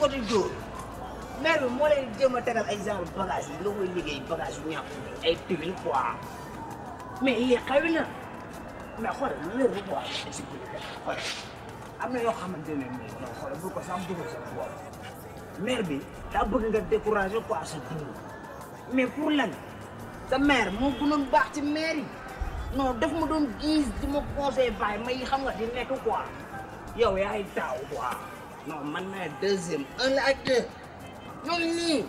ko di dóor maire bi moo lay jéem a tegal ay genre bagage yi nga koy liggéey bagage yu ñàkk ay tuile quoi mais yii xawi na mais xoolal yoo xamante ne ko sax bëgg sa maire bi ta bëgg nga découragé quoi sa dund mais pour lan sa maire moo gënoon baax ci maire yi non daf ma doon gis di ma conseillé bàyyi may xam nga di nekk quoi yow yaay taaw quoi. man naa eh, deuxième un non ak deux ñooñu nii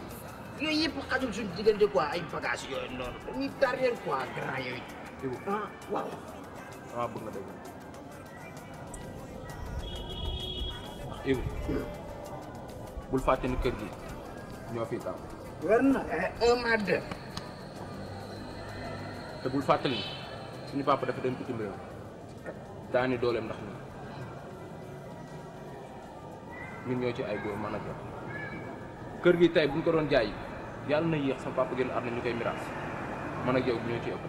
yooyu yëpp xajul suñu diggante quoi non bagages yooyu noonu dañuy ah waaw. waaw ah, bëgg nga dégg. diw bul fàtte ni kër gi ñoo fi taw. war eh, un bul fàttali suñu papa dafa dem bitim réew daani dooleem ndax ñun ñoo ci ay góor man ak kër gi tey bu ñu ko doon jaay yàlla na yéex sama papa génn àdduna ñu koy miraas man ak yow ñoo ci ëpp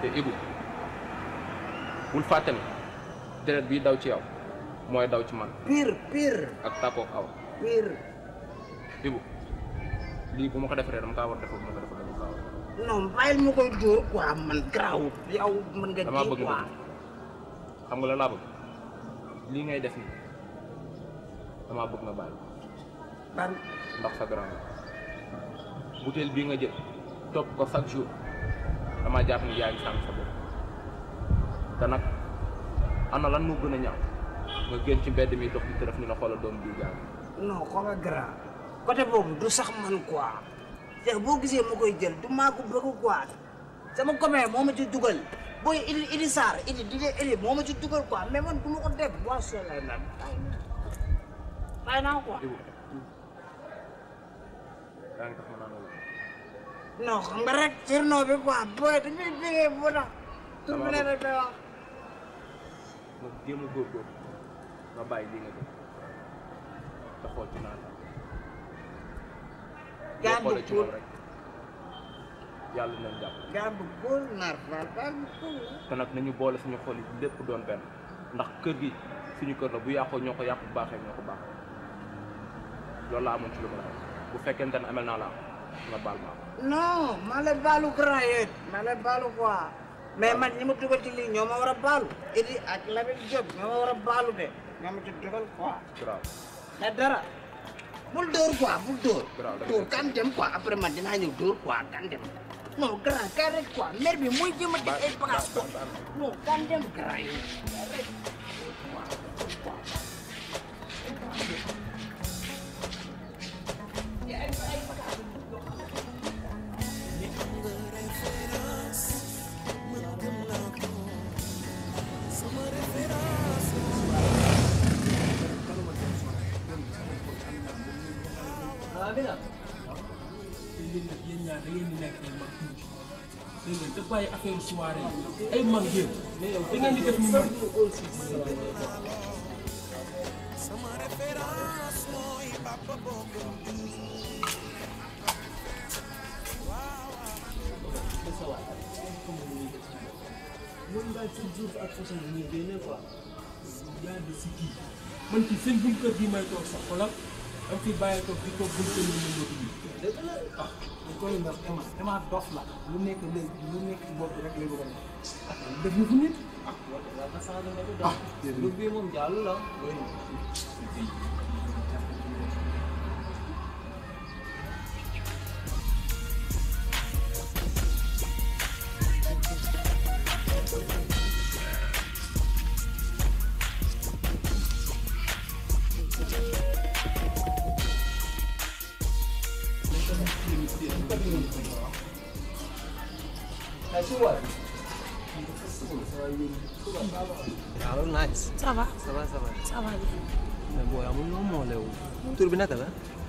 te Ibou bul fàtte ni deret bii daw ci yow mooy daw ci man. pire pire. ak tàppook aw. pire. Ibou lii bu ma ko defaree dama kaa war a defar bu ma ko defar dama kaa war a. xam nga la laa bëgg lii ngay def nii. mabuk na bay. ban ndax sa grand butéel bi nga jël top ko chaque jour dama japp ni yaangi sam sa bopp Da nak ana lan mo gëna ñaw. nga gën ci mbedd mi dox ci tërëf ni la xol doom bi jaar non ko nga grand côté boobu du sax man quoi te bo gisé mo koy jël du ma ko bëgg quoi sama copain moo ma ci duggal. boy ili ili sar ili di ili moo ma ci duggal quoi mais man duma ko def boisson lay naan kaya na ako. No, kung barat sir no be kwa boy, tingi mau jauh. Yalla nañ japp. Gabo po, narfal, gabo po. Te nag nañu boole suñu xol yi lépp doon benn. Ndax kër gi suñu kër la bu ya, loolu laa amoon ci lu ma laaj bu fekkente ne amel naa la nga baal ma non maa leen baalu grand yéen maa baalu quoi mais man ñi ma dugal ci lii ñoo ma war a baalu idi ak Lamine Diop ñoo ma war a baalu de ñoo ma ci dugal quoi mais dara bul dóor quoi bul dóor dóor kan dem quoi après man dinaa ñëw quoi kan dem non grand quoi mère bi muy ay bagage quoi non kan dem grand yi waaye affaire soirée ay mag yéen mais yow da ngeen di def ni mag sama référence mooy Papa Bokum naa chaque jour ak façon bi ñuy génne quoi yaa ngi si kii man ci seen buñ kër gi may toog sax xoolal am fi bàyyi toog di toog buñ kër yi ñu ngi dëgg la ah dañ koy ndax Emma Emma dof la lu nekk léegi lu nekk ci bopp rek lay bëgg a nekk ah def na fu nit ah waaw waaw na saa dana ko dox. ah jërëjëf moom jàll la.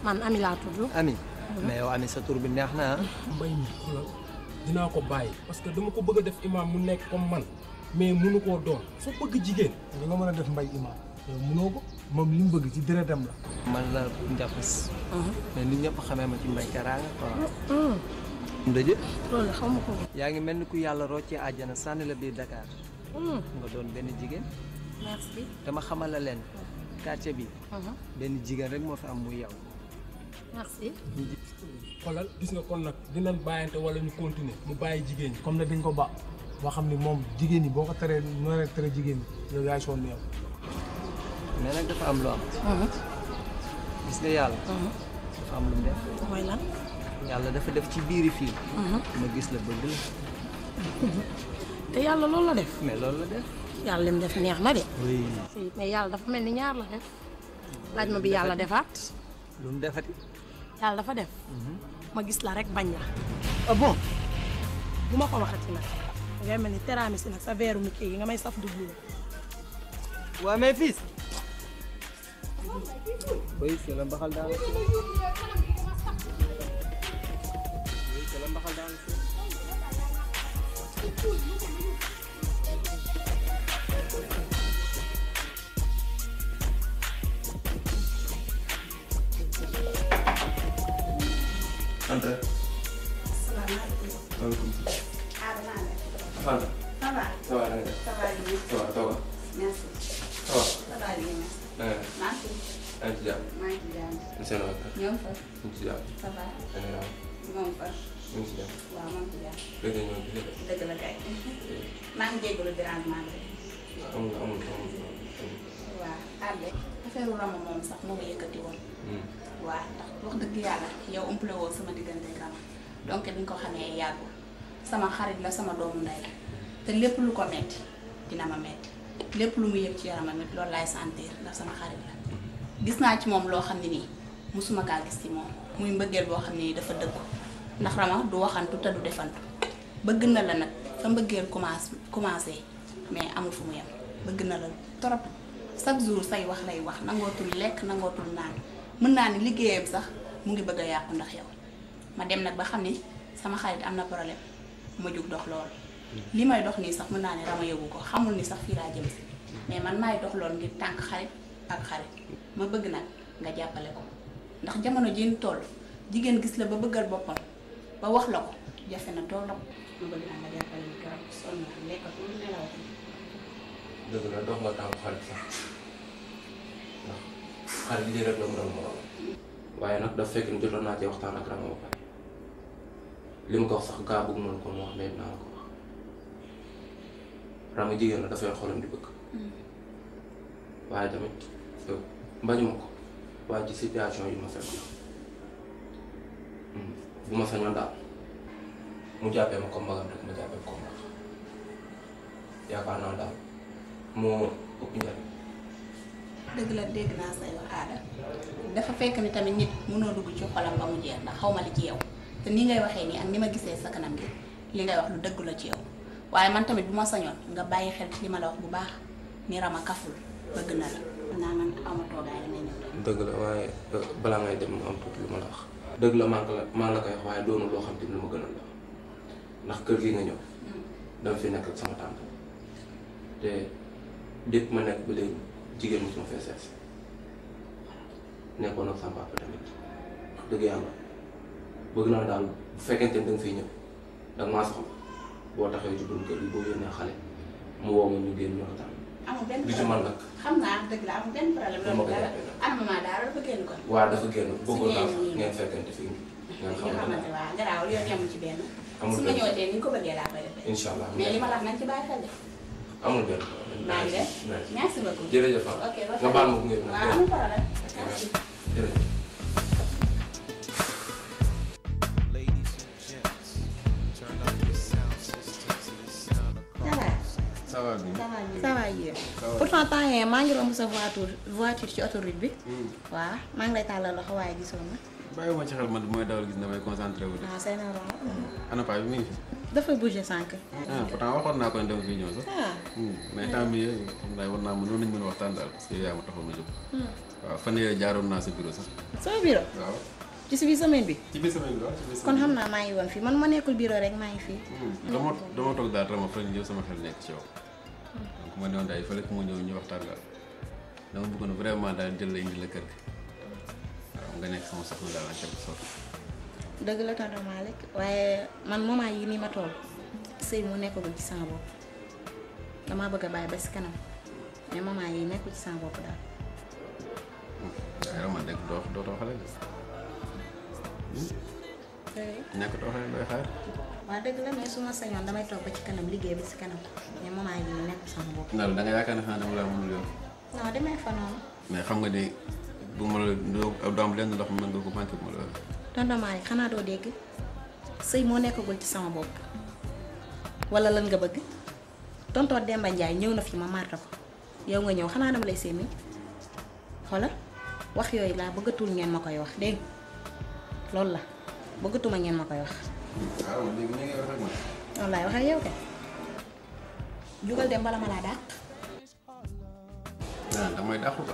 man Ami laa tudd. Ami mais yow Ami sa tur bi neex naa ah. mbay mi dinaa ko bàyyi parce que dama ko bëgg a def imam mu nekk comme man mais mënu koo doon sa bëgg jigéen. da nga mën a def mbay imam mu mënoo ko moom li mu bëgg ci deretam la. man la Ndiakhous. mais nit ñëpp xamee ma ci mbay teraanga quoi. ndaje. loolu xam nga yaa ngi mel ni ku yàlla roccee àjjana sànni la biir Dakar. nga doon benn jigéen. merci. dama xamal la leen quartier bi. benn jigéen rek moo fi am mu yew merci xolal gis nga kon nag dinañ bàyyante wala ñu continuer mu bàyyi jigéen ñi comme ne dañ ko ba boo xam ne moom jigéen ñi boo ko teree ya, tere jigéen ñi yow yaay sonn yow mais nag dafa am lu am uh-huh. gis nga yàlla uh-huh. dafa am lu def mooy lan yàlla dafa def ci biiri uh-huh. ma gis la bëgg la te yàlla loolu la def mais loolu la def lim def neex na de oui mais yàlla dafa mel ñaar la def laaj ma bi yàlla lu defati. yàlla dafa def. Mhm. ma gis la rek bañ la. ah bon. bu ma ko waxati nag. ngay mel ni nak sa veeru mi kii nga may saf du bi wa mais fils. oui c'est la mbaxal daal. oui c'est la mbaxal daal. Anta. Assalamualaikum. Waalaikumsalam. Afanda. Tabar. Tabar. Tabar. Tabar. Tabar. Merci. Tabar. Tabar. Eh. Nanti. Nanti jam. Nanti jam. Insya Allah. Nyom fa. Nanti jam. Tabar. Nanti jam. Nyom fa. Nanti jam. Wah, nanti jam. Beda nyom. Beda lagi. Nanti jadi kalau dirangman. Amul, amul, amul. Wah, ada. Affaire ulama mom sax mo yëkëti won. Hmm. waaw ndax wax dëgg yàlla yow umpale woo sama diggante gama donc ni nga xamee yàggul sama xarit la sama doomu ndey te lépp lu ko metti dina ma metti lépp lu mu yëg ci yaramam it loolu laay sentir ndax sama xarit la gis naa ci moom loo xam ne nii musuma kaa gis ci moom muy mbëggeel boo xam ne nii dafa dëgg ndax rama du waxantu te du defantu bëgg na la nag fa mbëggeel commencé commencé mais amul fu mu yem bëgg na la trop chaque jour say wax lay wax nangootul lekk nangootul naan mën naa ni liggéeyam sax mu ngi bëgg a yàqu ndax yow ma dem nag ba xam ni sama xarit am na problème ma jug dox loolu hmm. li may dox nii sax mën naa ne rama yóbbu ko xamul ni sax fii laa jëm si mais man maay dox loolu ngir tànk xarit ak xarit ma bëgg nag nga jàppale ko ndax jamono ji ñu jigéen gis la ba bëggal boppam ba wax la ko jafe na tool la ma bëgg naa nga jàppale ñu garab sonn na lekkatu nelaw dëgg la dox nga tànk xarit sax ndax xar yi lii rek la mënal morom waaye nag daf fekk ni naa cee waxtaan ak Rama ba li ma ko wax sax gaa bëgg noonu ko mu wax mais dinaa la ko wax Rama jigéen la dafay xolam di bëgg waaye tamit mbañu ma ko waaye ci situation yu ma fekk la bu ma sañoon daal mu jàppee ma ko mbagam rek ma jàppee ko mbagam yaakaar naa daal moo ëpp njariñ dëgg la dégg naa say wax dafa fekk ni tamit nit mënoo dugg ci xolam ba mu jeex ndax xaw ma li ci yow te ni ngay waxee nii ak ni ma gisee sa kanam gi li ngay wax lu dëgg la ci yow waaye man tamit bu ma sañoon nga bàyyi xel ci li ma la wax bu baax ni rama bëgg na la naa man awma toogaay la ñëw la waaye euh, balaa ma la wax dëgg maa la la koy waaye doonu loo xam te lu ma gënal la ndax kër gi nga ñëw mm. dama fi nekk sama tànk te dépp ma nekk ba léegi jigéen mosuma fee seet si nekkoon ak sama papa tamit wax dëgg yàlla bëgg naa daal bu fekkente ne da nga fiy ñëw da nga ci bunt kër gi mu woo ma xam naa dëgg la amul benn problème. loolu dara am na daara dafa génn kon. waaw dafa génn bëggoon benn. amul benn su ma ñëwatee ni ko bëggee laa koy defee. incha allah li ma la wax nañ ci bàyyi xel de. amul benn maa ngi def merci beaucoup jërëjëf ok nga baal ma gunge waaw amul problème jërëjëf ça va bien ça va bien pourtant temps yii maa ngi romb sa voiture voiture ci autoroute bi. Hmm. waaw maa ngi lay tàllal loxo waaye gisoo ma. bàyyi ma ci xel man bu may dawal gis damay concentré wu de. waaw ah, c'est normal. ana paa bi mi ngi fi. dafa bougé sànq. ah pourtant waxoon naa ko ne dafa fi ñëw sax. Ah. Hmm, mais temps bii xam naa war naa mën lañ mën a waxtaan daal parce que yaa ma taxoon na jóg. Hmm. sa bureau sax. bi. ci biir semaine bi fii man ma nekkul bureau rek maa ngi fii. Hmm, dama sama xel nekk ci yow. donc ma ne woon daal fële ku ma ñëw ñu waxtaan daal dama bëggoon vraiment daal jël la indi kër gi waaw nga nekk sama soxna daal en dëgg la tonton Malick waaye man moment yi nii ma toll sëy mu nekkagul ci sama bopp damaa bëgg a bàyyi ba si kanam mais moment yi nekkul ci sama bopp daal. nekk doo xale doy xaar. waaw la mais ci kanam liggéey ba si kanam mais moment yi yaakaar ne xanaa dama laa mënul yoon. non demee fa noonu. mais xam nga ni bu ma la doo am lenn ndox mën nga ko manqué bu ma la. tonton Malick xanaa doo dégg sëy moo nekkagul ci sama bopp wala lan nga bëgg tonton Demba Ndiaye ñëw na fi ma màrta ko yow nga ñëw xanaa dama lay séemee xoola wax yooyu laa bëggatul ngeen ma koy wax dégg loolu la bëggatuma ngeen ma koy wax. Ah, wallaay wax yow kay jugal dem bala ma laa dàq. ah damay dàqu ko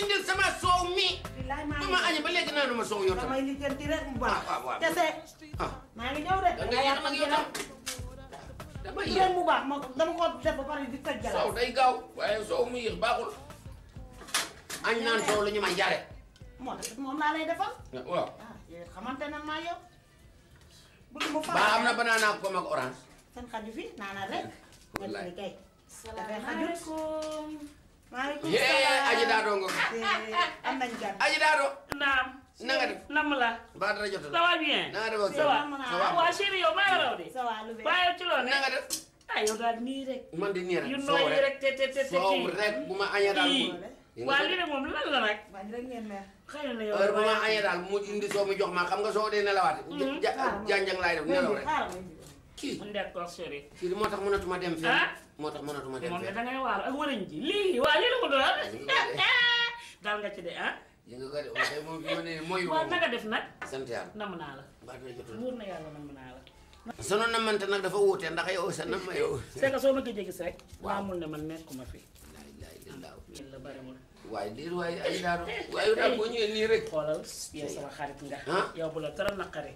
indil sama soow mi. du ma añe ba léegi naanu ma soow yow tam. damay lijjanti rek mu baax. ah waaw kese. maa ngi ñëw de. da nga yaram ak yow tam. damay yéex mu Dari di tëj gala. soow day gaaw waaye soow mu yéex baaxul. añ naan soow la ñu may jaare. moo tax moom mana? lay defal. waaw. xamante na maa yow. bu rek. wallaay maaleykum salaam aji daa doo nga am nañ aji daa doo naam na nga def la ba dara jot ça va bien na nga def ça va de ça def ah man di nii rek yu nooy yi rek te te te te kii rek bu ma añee daal waa lii de moom lan la nag bu ma añee daal mu indi soo mu jox ma xam nga soo dee nelawaate mm-hmm. janjang laay def nelaw rek kii d'accord chéri kii moo tax mënatuma dem fenn ah? moo tax mënatuma dem moom da ngay waar ak wërëñ ji lii waa lii la ko doon daal nga ci de ah. yéen a ko de ma mooy. waaw def nag. sant yàlla naa la. baat na jotul wóor na yàlla namm naa la. sunu namante nag dafa wuute ndax yow sa nam ma yow. c'est soo ma gëj a gis rek. waaw maamul ne man nekkuma fi. alhamdulilah. la bariwul. waaye déet waaye ay daal boo ñëwee nii rek. xoolal yow sama xarit nga. yow bu la dara naqare.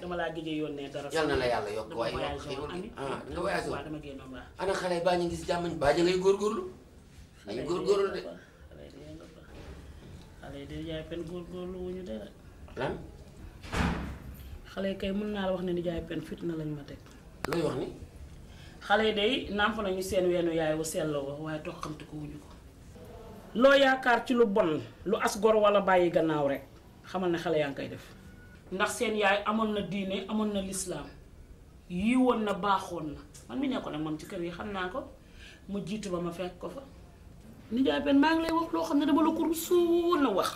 dama laa gëj yoon yónnee dara. yal na la yàlla yokk waaye yokk xéwal gi ah nga voyagé waaw dama génnoon waaw. ana xale baa ñu gis jàmm baa ja ngay góorgóorlu. xale yi góorgóorlu de. xale yi de jaay pen góorgóorlu wu ñu de lan. xale yi kay mën naa la wax ne ni jaay pen na lañ ma teg. looy wax ni. xale yi day nàmp nañu seen weenu yaay wu sell wa waaye toog xamtu ko. loo yaakaar ci lu bon lu as gor wala bàyyi gannaaw rek xamal na xale yaa ngi koy def ndax seen yaay amoon na diine amoon na lislaam yii woon na baaxoon na man mi nekkoon ak moom ci kër yi xam naa ko mu jiitu ba ma fekk ko fa nijaay benn maa ngi lay wax loo xam ne dama la ko rusoon na wax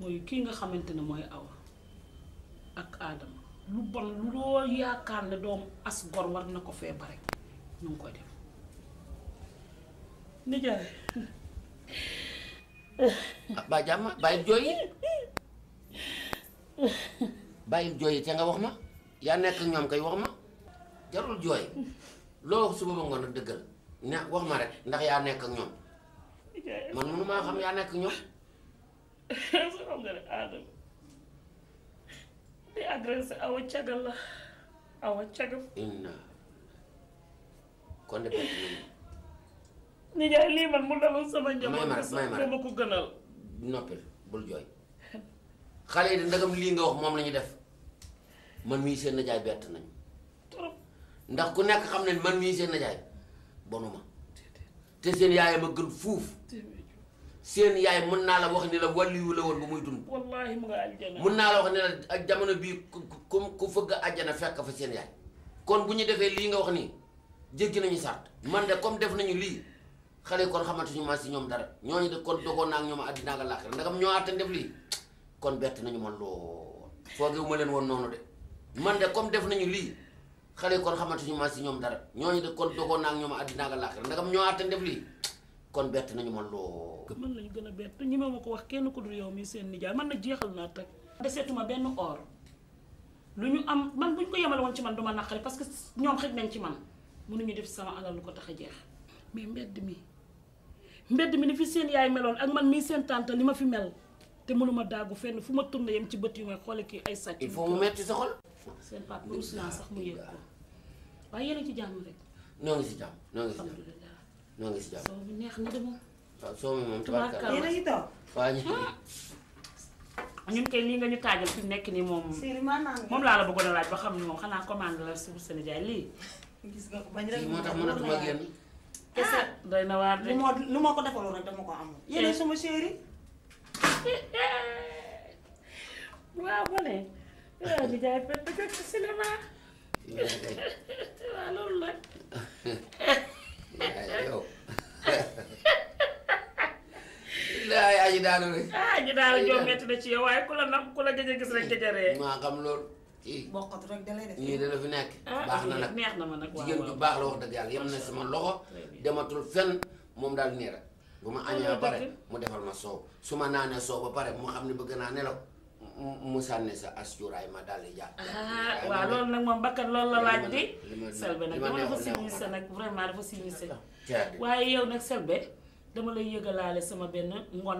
mooy kii nga xamante ne mooy aw ak aadama lu bon lu loo yaakaar ne doom as gor war na ko feebar rek ñu ngi koy def nijaay ba jàmm bàyyil jooy yi bàyyil jooy yi te nga wax ma yaa nekk ñoom kay wax ma jarul jooy loo wax suba ba ngoon a dëggal ne wax ma rek ndax yaa nekk ak ñoom man mënu maa xam yaa nekk ñoom sa xam nga ne cagal la awa cagal inna kon nijaay lii man mu dalul sama njaboot. may ma ma ko gënal. noppil bul jooy xale yi de ndagam lii nga wax moom la ñu def man mii seen nijaay bett nañ trop ndax ku nekk xam ne man mii seen nijaay bonuma te seen yaay ma gën fuuf seen yaay mën naa la wax ni la wàlliyu la woon ba muy dund. wallaahi mën naa la wax ni la jamono bii ku ku ku fëgg àjjana fekk fa seen yaay. kon bu ñu defee lii nga wax nii jéggi nañu sart man de comme def nañu lii. xalé kon xamatuñu ma ci ñom dara ñooñu de kon dogoon nak ñom adi naga ak ndagam ñoo àttan def li kon bet nañu ma lo foogewu ma leen won nonu de man de comme def nañu li xalé kon xamatuñu ma ci ñom dara ñooñu de kon dogoon nak ñom ñoom àddina ak ndagam ñoo àttan def li kon bet nañu ma lo mën nañu gën a ñi ma wax kenn ku dul yow mi seen nijaay man na na tak setuma benn or luñu am man buñ ko yemal won ci man duma nakari parce que ñom xëj nañ ci man mënuñu def sama alal lu ko tax mais mbedd mi mbedd mi ni fi seen yaay meloon ak man mii tante li ma fi mel te mënuma daagu fenn yem ci ay il faut mu metti sa xol seen pas sax mu yëg ko ci jàmm rek noo ngi si jàmm noo ngi si jàmm noo ngi si jàmm soo neex na de moom soo mi a ngi toog hum? nga ñu taajal fi nekk la a ba xam kese day na waar de lu ma ko defaloon rek dama ko amul yéen sama chéri waaw ma ne di jaay pet ba ci cinéma waaw loolu la yow laay aji daanu rek aji daanu joo metti na ci yow waaye ku la nax ku la gëj a gis rek gëj a xam loolu bokkat rek da lay def ñii da la fi nekk ah, baax na nag neex na ma nag jigéen ju baax la wax dëgg yàlla yem na sama loxo dematul fenn moom daal nii rek bu ma añee ba pare mu defal ma soow su ma naanee soow ba pare mu xam ne bëgg naa nelaw mu sànni sa as cuuraay ma daal di jàpp ah, waaw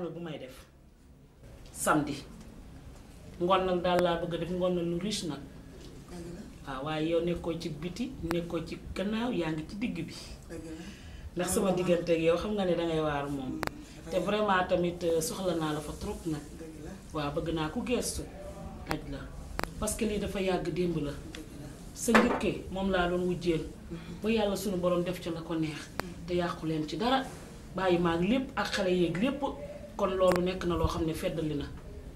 loolu samedi ngoon nag daal laa bëgg def ngoon na lu riche nag waaw waaye yow nekkoo ci biti nekkoo ci gannaaw yaa ngi ci digg bi ndax sama diggante ak yow xam nga ne dangay waar moom te vraiment tamit euh, soxla naa la fa trop nag waaw bëgg naa ku geestu aj la parce que lii dafa yàgg démb la sa njëkkee moom laa doon wujjeel ba yàlla sunu borom def ci la ko neex te yàqu leen ci dara bàyyi maag lépp ak xale yéeg lépp kon loolu nekk na loo xam ne feddali na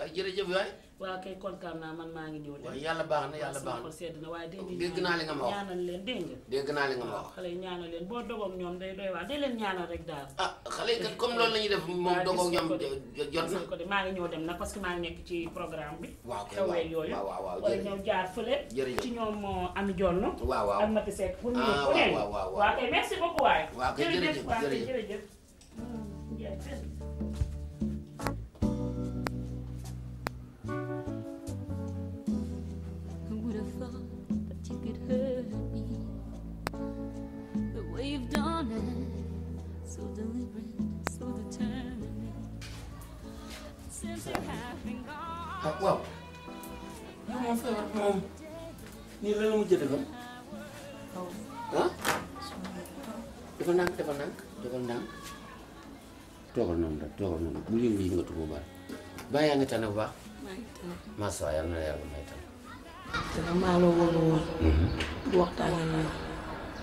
waaye jërëjëf waay. waaw kay kontaan naa man maa ngi ñëw. waaye yàlla baax na yàlla baax na sedd na waaye dégg naa li nga ma wax ñaanal leen dégg nga. dégg naa li nga ma wax. xale yi ñaanal leen boo dogoog ñoom day doy waar day leen ñaanal rek daal. ah xale yi kat comme loolu la ñuy def moom dogoog ñoom jot na. ko de maa ngi ñëw dem na parce que maa ngi nekk ci programme bi. waaw kay waaw yooyu. waaw waaw wala ñëw jaar fële. jërëjëf ci ñoom uh, Ami Dior na. waaw waaw ak Mati Seck pour ñu ah, waaw waaw waaw kay merci beaucoup waay. waaw kay jërëjëf jërëjëf hmm, honest, so deliberate, so determined. Uh, um, you you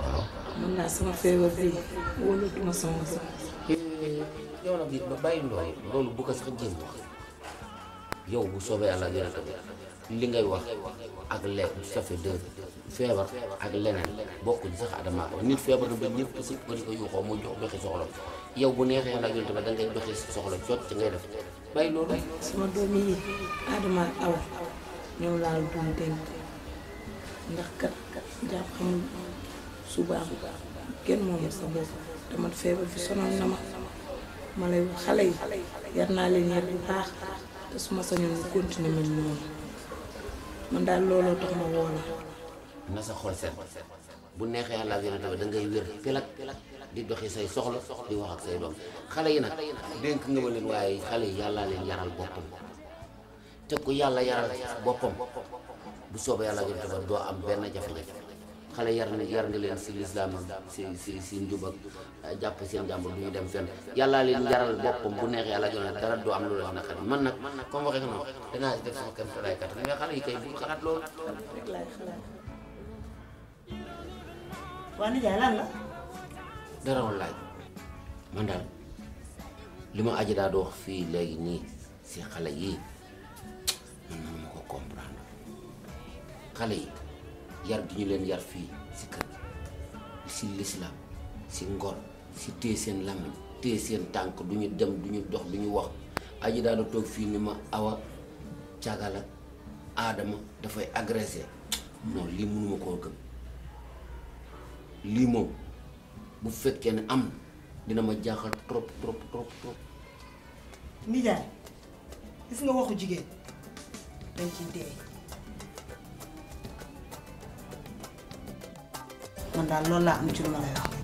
waaw. mën naa sama feebar bi wóolatuma sama sax. Eh, yow nag it ba bàyyi loolu loolu bu ko sax jéem yow bu soobee yàlla yonent bi li ngay wax ak lee ça fait deux feebar ak leneen bokkul sax adama ko nit feebar na ba ñëpp si ko di ko yuuxoo mu jox doxi yow bu neexee yàlla yonent bi da ngay doxi soxla jot ci ngay def bàyyi loolu. sama doom yi adama ndax kat kat jàpp xamul. suba kenn moomu sa bopp ma feebar bi sonal na ma ma lay xale yi yar naa leen yar bu baax te su ma sañoon ñu continuer mel noonu man daal looloo tax ma woo la. na sa xol set bu neexee yàlla ak yonent bi da ngay wér pelak di doxi say soxla di wax ak say doom xale yi nag dénk nga ma leen waaye xale yi yàlla leen yaral boppam te ku yàlla yaral boppam bu soobee yàlla ak yonent bi doo am benn jafe xale yar na yar nga leen si lislaamam ci ci si njubak eh, japp seen jàmbur du ñu dem fen yalla leen jaral bopam bu neex yalla jona dara do am lu la na naqari man nak comme waxe ko dina danaa def sama kër lay kat mais xale yi kay bu xalat loolu rek laay xalaat waa nijaay la dara won laaj man dal lima ma aji daa wax fi legi ni ci xale yi man mënuma ko comprendre xale yi yar bi ñu leen yar sikat, ci kër ci si ci ngor ci té sen dam, té sen tank duñu dem duñu dox duñu wax aji daana tok fi ni ma awa tiagal ak da fay agresser non li mënu mako gëm li bu fekké ni am dina ma jaxal trop trop trop trop nijaay gis nga waxu jigéen dañ ci man daal loolu laa am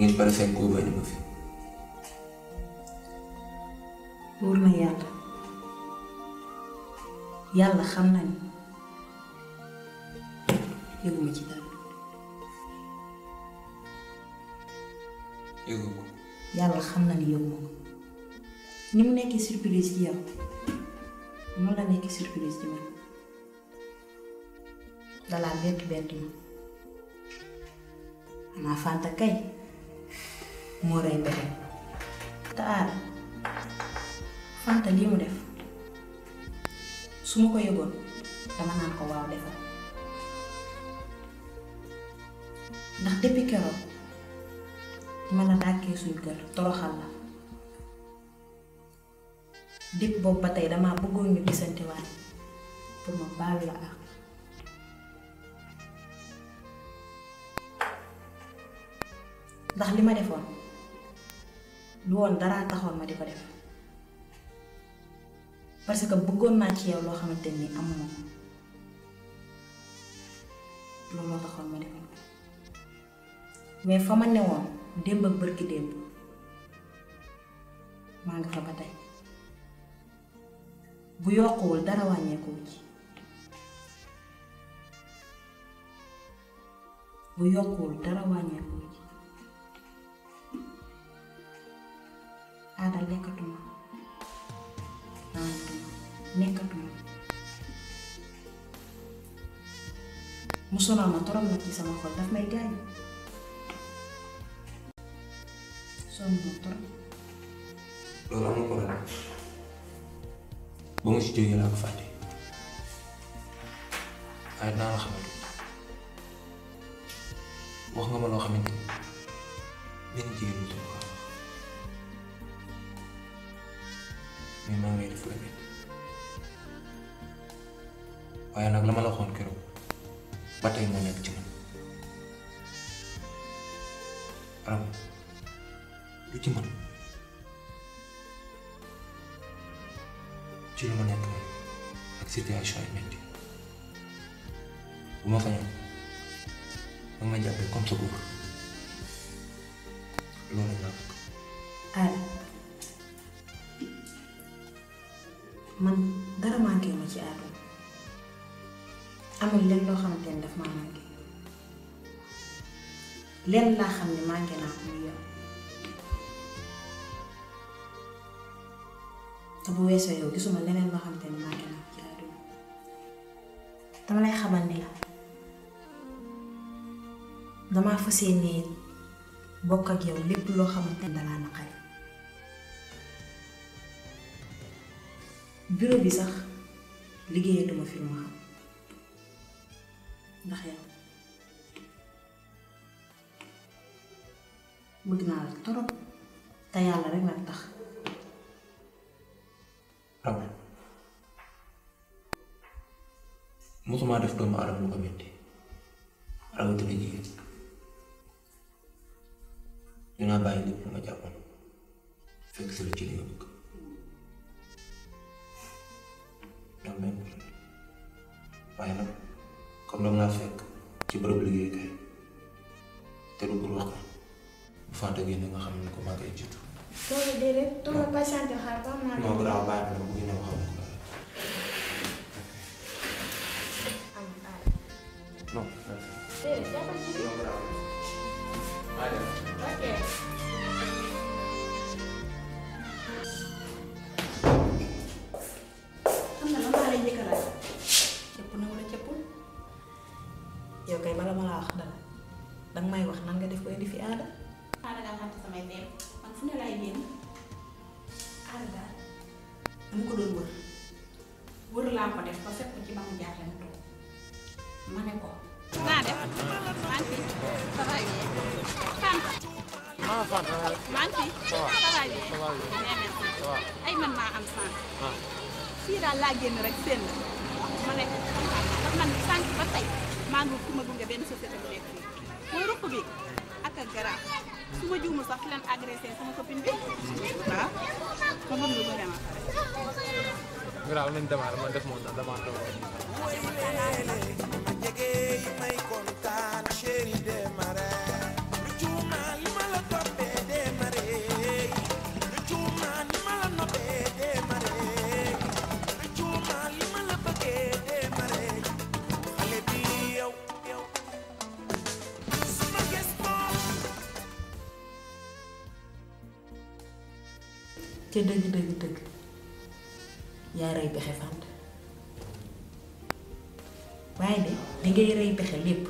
ngeen pare seen bëgg bàyyi ma fi. wóor na yàlla yàlla xam na ni yëguma ci dara. yëguma ko. mu nekkee surprise ci yow noonu la nekkee surprise ci man dalaa bett bett ma xanaa fànta kay. moo rey mbéte te fanta lii mu def suma ko yëgoon dama oh. naan ko waaw defal ndax depuis keroog ma la dàkkee suñu kër toroxal la dip boobu ba tey damaa bëggoon ñu waat pour ma baal la ak ndax li ma defoon lu woon daraa taxoon ma di ko parce que bëggoon naa ci yow loo xamante nii am moom loolu moo taxoon ma di mais fa ma newoon démb ak bërki démb maa nga fa ba tey bu yokkuwul dara wàññeekuwul bu yokkuwul dara wàññeekuwul Ada lekkatuma naanatuma nekkatuma mu sonal ma sama ma torop loolu amul problème ba ma si jógee laa ko fàtte waaye dinaa Minang herif öyle. waaye nag la ma la waxoon keroog ba tey moo nekk fas yéene bokk ak yow lépp loo xamanteni da dalaa naqari bureau bi sax ya duma fi ma xam nah, ya. ndax yow bëgg naa la torop te yàlla rek nag tax amen mosuma def doomu aadama lu ko metti rawatina jigéen 二百六。ca dëgg dëgg dëgg yaa rey pexe fànt waaye de li ngay rey pexe lépp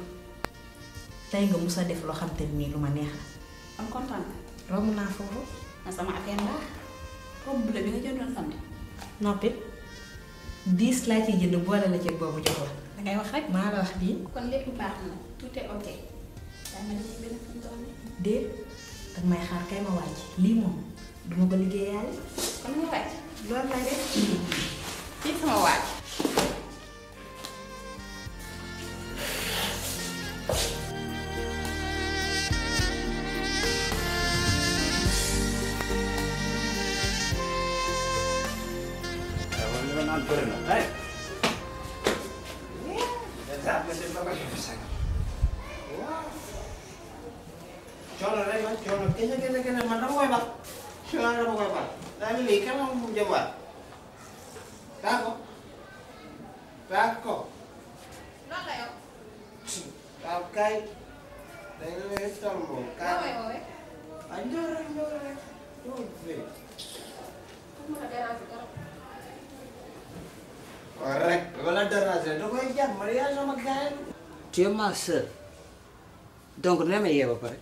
tey nga musa def loo xam te ni lu ma neex la am kontaan romb naa foofu na sama affaire ndax romb la bi nga jëndoon sant noppit diis laa ciy jënd boole la ceeb boobu jox la ngay wax rek maa la wax bii kon lépp baax na tout est ok danga dañuy benn fan doon de danga may xaar kay ma wàcc lii moom du ma ko liggéeyaale. kon nga wàcc. loolu lay def. fii tu es ma sœur donc dina ma pare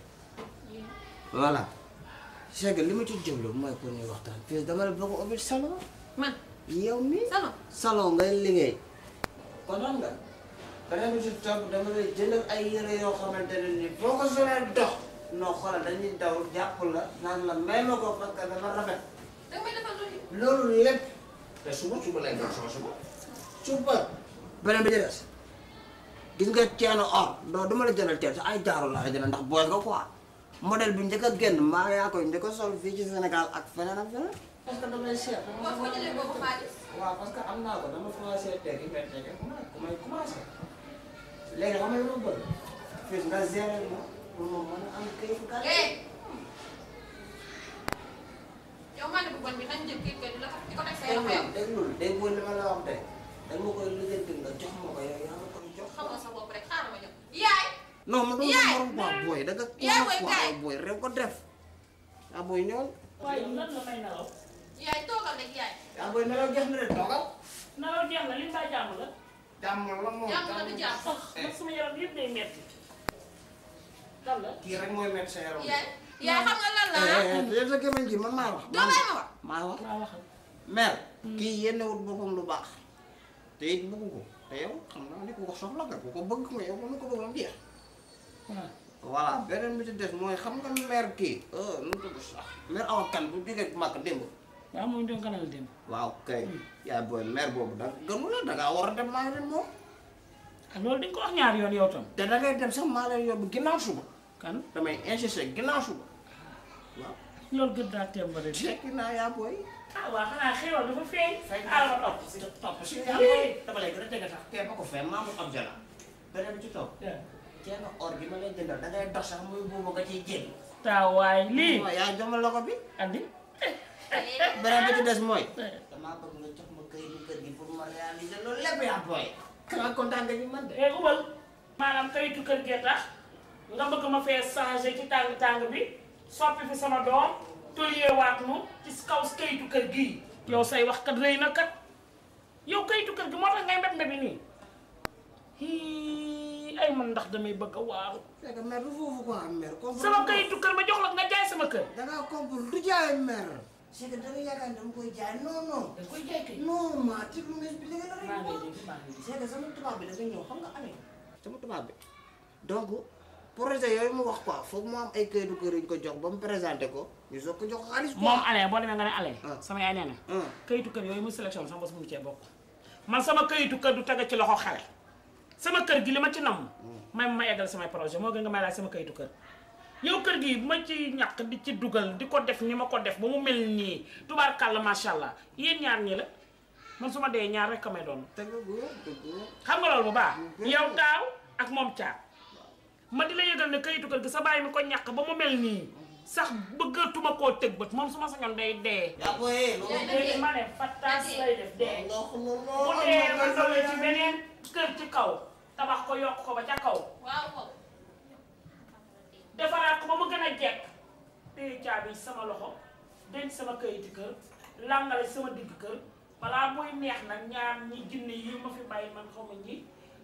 voilà c'est li ma ci jublu mooy pour ñuy waxtaan puis dama la bëgg a ubbi salon. man yow mii. salon salon ngay liggéey. kon xam nga beneen bi dama lay jëndal ay yére yoo xamante boo ko solee dox noo la may ma ko parce dama rafet. loolu lépp. te suba suba lay doon sama suba. suba beneen bi ci gis nga ceenu or doo duma la jëndal ceeb sax ay jaarul la jëndal ndax booy nga quoi modèle bi njëkk a génn maa ngi yaa koy njëkk a sol fii ci Sénégal ak feneen ak feneen. parce que damay cher. waaw parce que am naa ko dama commencé tegi mais tegi ku may commencé léegi xam nga lu mu bëgg fii nga géré ma pour ma mën a am këyit gàll. Eh! yow man de bu bon bi nañ jël këyit la ko teg sa yoon. dégg nga dégg nga li ma la wax tey dañ ma koy liggéeyal nga jox ma ko yow yaa xamoo sa bopp rek ma ñëw ma doon morom quoi booy da nga. yaay booy kaay booy réew ko def. ah booy ñool. waaye lan a may nelaw. yaay toogal rek yaay. ah booy na de toogal. na la. jàmm la moom jàmm la du jàmm ah, sa yaram. ma wax maa wax. maa waxal. mère. Hmm. kii yéene lu baax. te it bëggu ko. te yow xam naa ni ku ko soxla nga ku ko bëgg nga yow mën na ko bëgg am jeex. voilà beneen bi ci des mooy xam nga maire kii. nu mu sax maire awoon kan bu jógee màkk démb. waaw moom doon kanal démb. waaw kay. yaa booy boobu da gënu la da ngaa war a dem maa leen moom. loolu di ko wax ñaar yoon yow tam. te da ngay dem sax maa leen yóbbu ginnaaw suba. kan damay insister ginnaaw suba waaw. loolu gën daa temb rek. naa yaa ah waaw xanaa xewoon dafa feeñ. feeñ ah ma a ko fee maa mu am jala. ci topp. tee nga gi ma lay da ngay dox sax muy buubu nga ciy jël. lii. waaw yaa jomal la ko bi. andi. beneen bi ci des mooy. damaa bëgg nga jox ma këyit bu kër gi pour ma réaliser loolu lépp yaa booy. nga bëgg ma fee changer ci tàng tàng bi soppi fi sama doom. tolyewaat nu ci kaw kayitu kër gi yow say wax kat rëy na kat yow kayitu kër gi moo tax ngay mbet mbebi nii hii ay man ndax damay bëgg a waaru. c'est que mère du sama kayitu kër ma jox la nga jaay sama kër. danga ngaa comprendre du jaay mère. c'est que da nga bi a. maa ngi nga amee. sama tubaab bi donc. projet yoy mu wax quoi foog mo am ay kayitu kër yu ñu ko jox bam présenter ko ñu soog ko jox xaliss xaalis. mom Alain bo demee nga né Alain. Ah. sama yaay néna na. kayitu kër yooyu mu sélection sama bos mu ci bok man sama kayitu kër du tagga ci loxo xalé sama kër gi lima ci nam may ma eggal sama projet mo gën nga may laaj sama kayitu kër. yow kër gi ma ci ñak di ci duggal di ko def ni ma ko def bu mu melni tubarkal ma sha allah yeen iya ñaar ñi la man suma dé ñaar rek kamay doon ka may doon. xam nga lool bu baax. yow taw ak mom caab ma di la yëgal ne kayitu kër gi sa bàyyi mi ko ñàkk ba mu mel nii sax bëggatuma koo tëg bët moom su ma sañoon day dee. ma ne fattaas lay def dee. bu dee ma doole ci beneen kër ci kaw tabax ko yokk ko ba ca kaw. defaraat ko ba mu gën a jekk téye caabi sama loxo denc sama kayitu kër làngale sama digg kër balaa muy neex nag ñaar ñi jinne yi ma fi bàyyi man xaw ma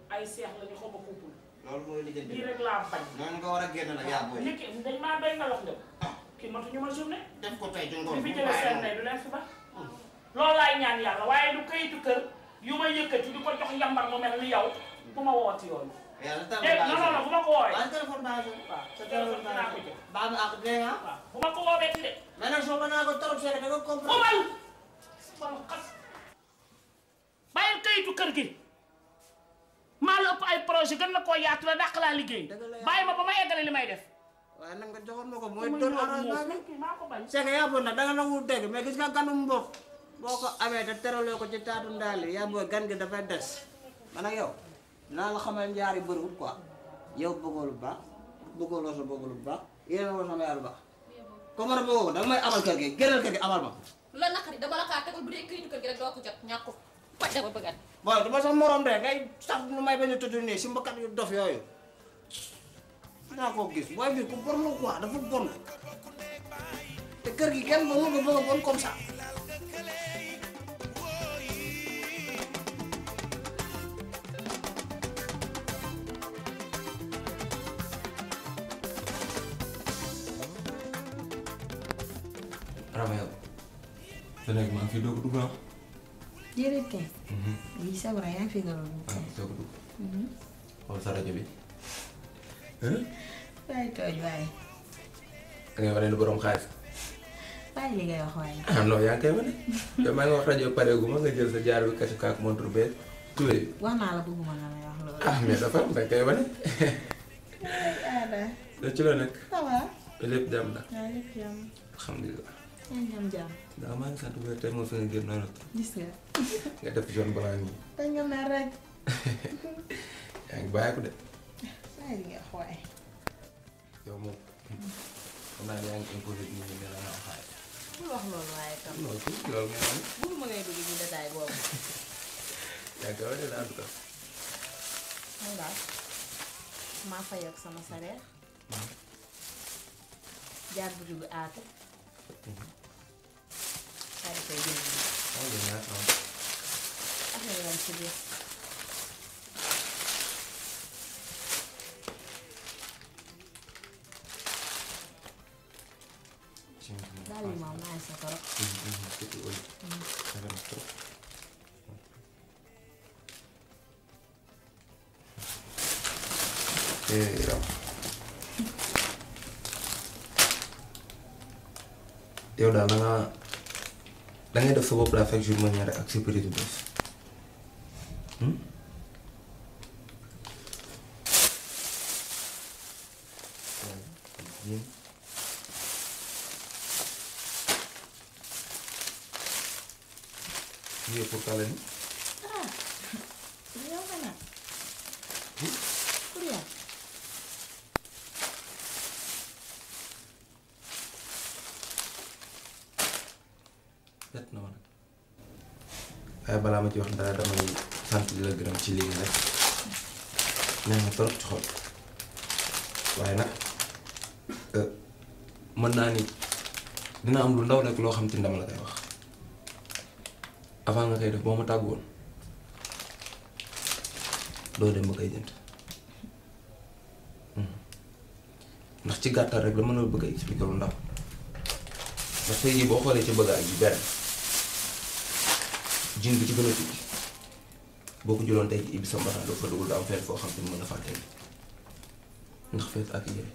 ay seex lañu xaw ma kumpul loolu mooy li jënd. kii rek laa bañ. noonu nga war a génn la yaa booy. nit ki dañ maa béy nga lox de. Ah. kii ma journée. def ko tey jungoon bu baax la fi jëlee seen ndey du leen hmm. loolu laay ñaan yàlla waaye du kayitu kër yu ma yëkkati di ko jox yambar mu mel ni yow bu ma wooti yoon. yàlla eh, téléphone eh, non bu ma ko woowee. waaw téléphone baa ngi waaw sa téléphone baa ngi ko baa ngi ak dégg nga. Ah. waaw bu ma ko woowee ci de. mais nag soo mën naa ko trop seere da nga comprendre. xamal xas. bàyyil kayitu kër gi. maa la ay projet gën na ko yaatu la dàq laa liggéey. bàyyi ma ba ma li may def. wa nag nga joxon mako moy do doon arrangement bi maa ko bañ. c'est que yaa bëgg nag danga nangu dégg mais gis nga ganum mbokk boko amé da te ko ci taatu ndal ya bo gan gi dafay dess man ak yow na la xamal ñaari bëriwul quoi yow bëggoo lu baax bëggoo loo sa bëggoo lu baax yéen a woo sama yàlla lu baax. comme man bëggoo may amal kër gi gënal kër gi amal ba la nakari da bala ka tegal bu dee këyitu kër gi rek do ko jot ñàkk waaj dama booy du ma sax morom de ngay sax lu may bañ a tudd nii si yu dof yooyu naa koo gis booy bi ku bon la quoi dafa bon te kër gi kenn mënu ko bëgg a bon comme ça te nekk maa ngi fi doog déedéet kay. Ah, a rajo bi. waay tooj waay. wax rajo pareegu ma jël sa jaar bi kasu naa la bëgguma na lay wax loolu. ah mais dafa am da nga koy wane. waay ci la nekk. lépp jàmm la. waaw lépp jàmm. alhamdulilah. Enam jam. Tidak maa ngi sant bu wér tey moom suñu Gak ada gis pelangi. Tanya def Yang baik udah. Saya mer rek Ya mau. Karena ko yang saa nga xooy yow moom xam lo yaa Lo imposé nit ñi nga Yang wax xaay bul wax loolu waaye tam non ci loolu nga naan sama saya. Jangan bu dugg Sai per lì. Olha, yow daal da nga da def sa bopp fekk jour ma ñaare ak sécurité def yoo xam dara damay sant di la gërëm ci lii rek neex na trop ci xol waaye nag mën naa ni dina am lu ndaw rek loo xam te ndam la koy wax avant nga koy def boo ma tàggoon doo dem ba koy jënd ndax ci gàttal rek la bëgg lu ndaw ndax tey jii boo xoolee ci benn jiin bi ci gën a boo ko jëloon tey ci ibbi sa mbaxal doo fa dugul du am fenn foo xam te ni a fàtte ndax fees ak yére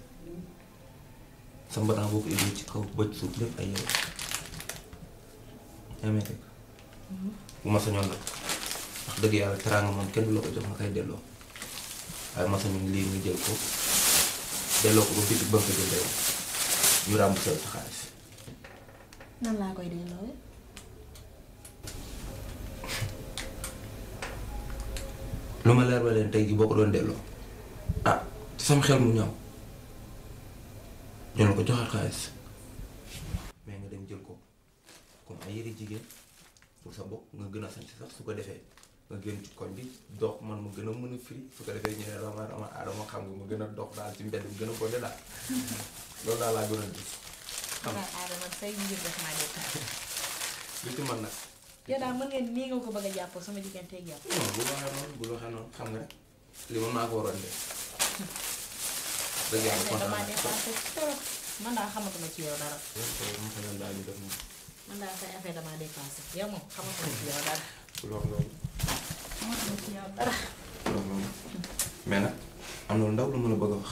sa mbaxal boo ko ibbi ci kaw ba suuf lépp ay yére yaa may fekk mm-hmm. yàlla teraanga kenn du la ma sañoon lii xaalis nan laa koy delloo lu ma leer ba leen tey boo ko doon delloo ah sam xel mu ñaaw ñu ko joxaat xaalis mais nga dem jël ko comme ay yëre jigéen pour sa bopp nga gën a sant sax su ko defee nga gën ci koñ bi dox man ma gën a mën a firi su ko defee ñu ah, xam nga ma gën a dox daal gën a ko loolu daal laa gën a gis. xam nga aadama say mbir def maa li ci man nag. yow daal mën ngeen nii nga ko bëgg a jàppoo sama digganteeg yow. non bu ma xamoon bu la xamoon xam nga li ma maa ko waroon dëgg yàlla kontaan naa trop man daal xamatuma ci yow dara. man daal affaire dépassé yow moom xamatuma ci yow dara. xamatuma ci yow dara. mais nag am na lu ndaw lu bëgg a wax.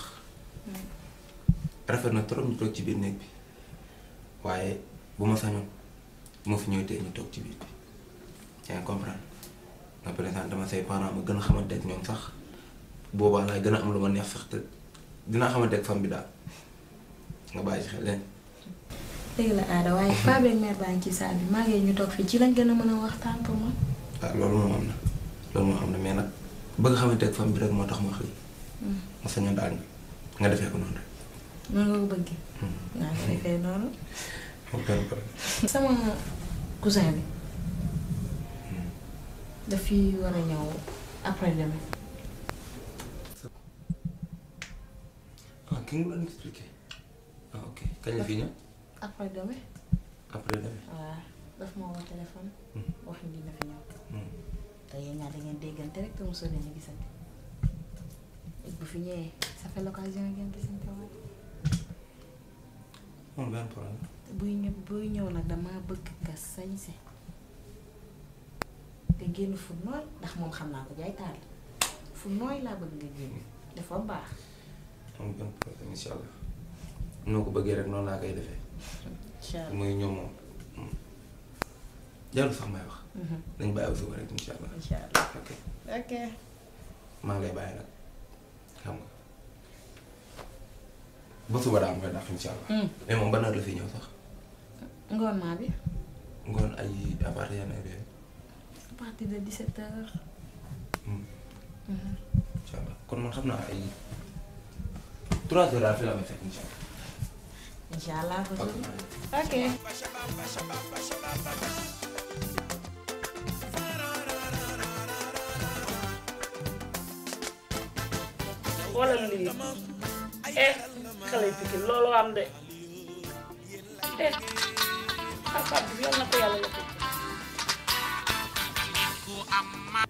rafet na trop ñu toog ci biir néeg bi waaye bu ma sañoon ma fi ñu toog ci biir bi. yaa comprendre nga présenté ma say parents ma gën a xamante ak ñoom sax boobaa laay gën a am lu ma neex sax te dinaa xamante ak fam bi daal nga bàyyi ci xel leen. dëgg la aada waaye Pape ak ngi ci saal bi maa ngi ñu toog fii ci lañ gën a mën a waxtaan pour man. waaw ah, loolu moom am na bëgg xamante ak fam moo tax ma xëy. Hmm. ma sañoon daal nga ko noonu nga ko hmm. ah, noonu. sama cousin bi. daf fi war a ñëw après demain. ah ki nga doon expliqué ah ok kañ la fi ñëw. après demain. après demain. waaw daf ma woo téléphone. wax ni dina fi ñëw. te yéen ñaar da ngeen déggante rek te mosoo leen a gisante. bu fi ñëwee ça fait l'occasion ngeen gisante waat. moom benn problème. buy ñëw buy ñëw nag dama bëgg nga sañse. te génn fu nooy ndax moom xam naa ko jaay taal fu laa bëgg nga génn dafa baax. noonu laa koy defee. incha allah muy moom jarul sax may wax. dañ mhm. bàyyi suba rek incha allah. ok maa ngi bàyyi nag xam nga ba suba daa am nga dàq hmm. moom ban heure la fi ñëw sax. ngoon maa bi. ngoon ay à partir de apa tidak disetel hmm. hmm. coba kurang maksud nak ini terus ada film lah macam Insyaallah aku Oke. Okay. Xoolal eh kalau yi lolo looloo am de eh ak Abdou yal ya ko amma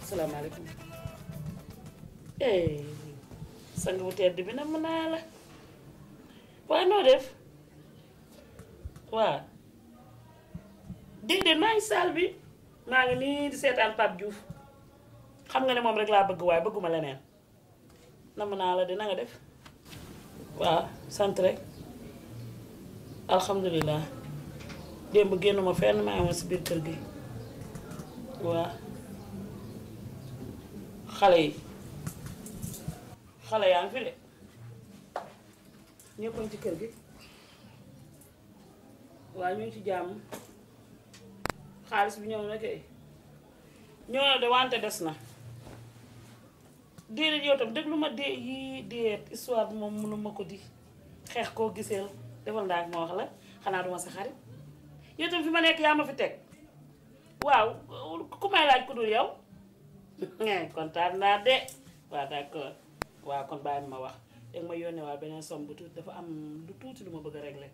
assalamu eh Sanggup bu tedd bi na mën naa la waa noo def waa déedéet maa di seetaan Pape Diouf xam nga ne rek laa bëgg waaye bëgguma leneen nam naa la de na nga def Wa, sant rek alhamdulilah démb génnuma fenn maa ngi woon si kër gi waa xale yi xale yaa ngi fi de ñëppoon ci kër gi waaye ñu ngi ci jàmm xaalis bi ñëw na kay ñëw de wante des na déedéet yow tam déglu ma dee yii déet histoire bi moom mënu ma ko di xeex koo giseel defal ndaag ma wax la xanaa duma sa xarit yow tam fi ma nekk yaa ma fi teg waaw ku may laaj ku dul yow kontaan naa de waa d'accord waaw kon bàyyi ma wax danga ma yónnee waa beneen somme bu tuuti dafa am lu tuuti lu ma bëgg a régler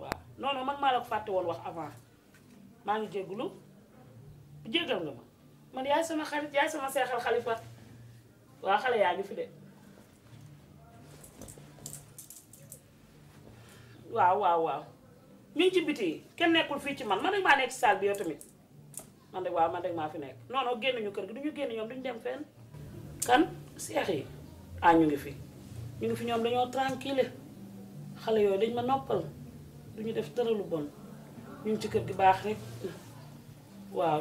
waaw non non man maa la fàtte woon wax avant maa ngi jégalu jégal nga ma man yaay sama xarit yaay sama seexal xalifa waa xale yaa ngi fi de waaw waaw waaw ñu ngi ci biti kenn nekkul fii ci man man rek maa nekk ci bi yow tamit man de waaw man de maa fi nekk non non génn ñu kër gi du ñu génn ñoom du ñu dem fenn. kan seex yi ah ñu ngi fi ñu ngi fi ñoom dañoo tranquille xale yooyu dañ ma noppal du ñu def tëralu bon ñu ci kër gi baax rek waaw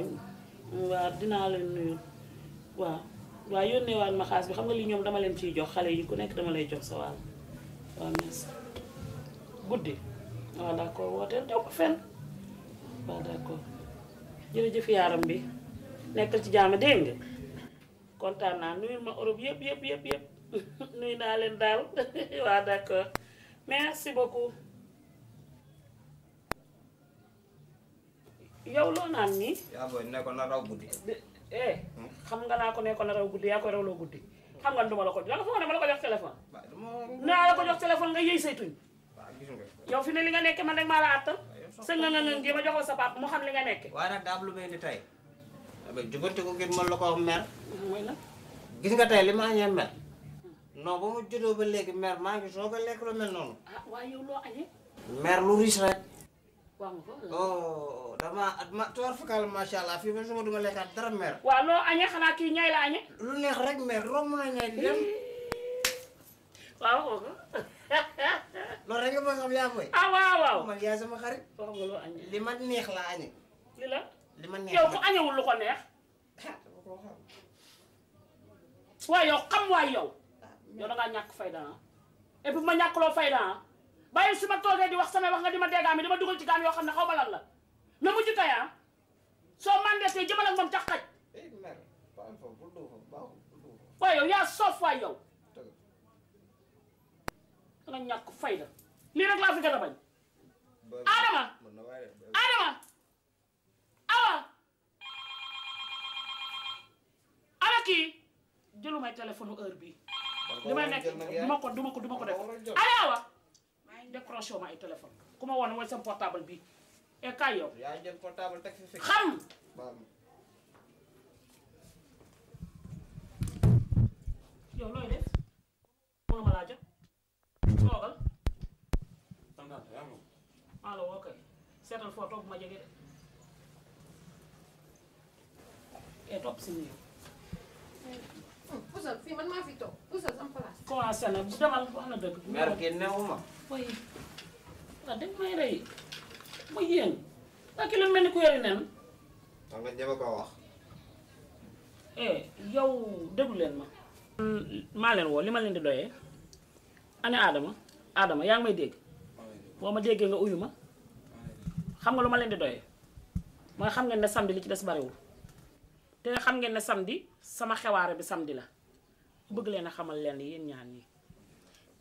waaw dinaa leen nuyu waaw. waaw yónnee waat ma bi xam nga lii ñoom dama leen ciy jox xale yi ku nekk dama lay jox sa waaw merci guddi waaw ah, d'accord wooteel daw ko fenn waaw d'accord jërëjëf yaaram bi nekk ci jaama dégg nga naa nuyul ma Europe yëpp yëpp yëpp yëpp nuyu naa leen daal waa d'accord merci beaucoup yow loo naan nii. nekkoon na raw guddi. Eh, xam nga naa ko nekkoon na raw guddi yaa koy rawloo guddi xam nga duma la ko jox nga foog ne ma la ko jox téléphone. naa la ko jox téléphone nga yëy saytuñ. yow fi ne li nga nekk man rek maa la àttal. sëñ na na nan jéem a joxoo sa papa mu xam li nga nekk. waaye nag daa lu may indi tey. jubante ko ngir mën la mer. gis nga tey li ma añee mer. non ba mu juddoo ba léegi mer maa ngi soog a lekk lu mel noonu. ah waaye yow loo añee. mer lu riche rek. waaw oh, dama at ma toor allah fii ba suma duma lekkaat dara mer. waaw loo añee xanaa kii ñay la añee. lu neex rek mer romb na ñay dem. waaw. lo rek nga bëgg xam ya koy. ah waaw waaw man yaay sama xarit. lo nga loo añee li ma neex la añee. li la li ma neex la yow ku añewul lu ko neex. waaye yow xam waay yow. yow da ngaa ñàkk fayda ah. et bu ma lo fayda ah bàyyi su ma toogee di wax samay wax nga di ma dégg mi di ma dugal ci gaan yoo xam ne xaw ma lan la na mujj tey ah soo mandetee jëmal ak moom ca xaj. waaye yow ya sof waay yow. la ñàkk fay la lii laa fi gën a bañ. Adama Adama Awa ana kii jëlu may téléphone heure li may nekk duma ko duma ko duma ko def ana Awa. décroché ma ay téléphone ku ma woon mooy sama portable bii et kaay yow. yaa yow looy def mënuma laa jot. maa la woo kay foo toog ma jege de e topp si nii Ousseul hmm, fii man maa fi toog Ousseul sama place. commencé na bu demal wax na dëgg. Ah, may rey ma yéen ah ki mel ni ku yore nen. xam nga ñeme wax. eh yow déglu leen ma. maa leen woo li ma leen di doyee. ane Adama Adama yaa ngi may dégg. boo ma déggee nga uyu ma xam nga lu ma leen di doy mooy xam ngeen ne samdi li ci des bariwul te xam ngeen ne samedi sama xewaare bi samedi la bëgg leen a xamal leen yéen ñaan ñi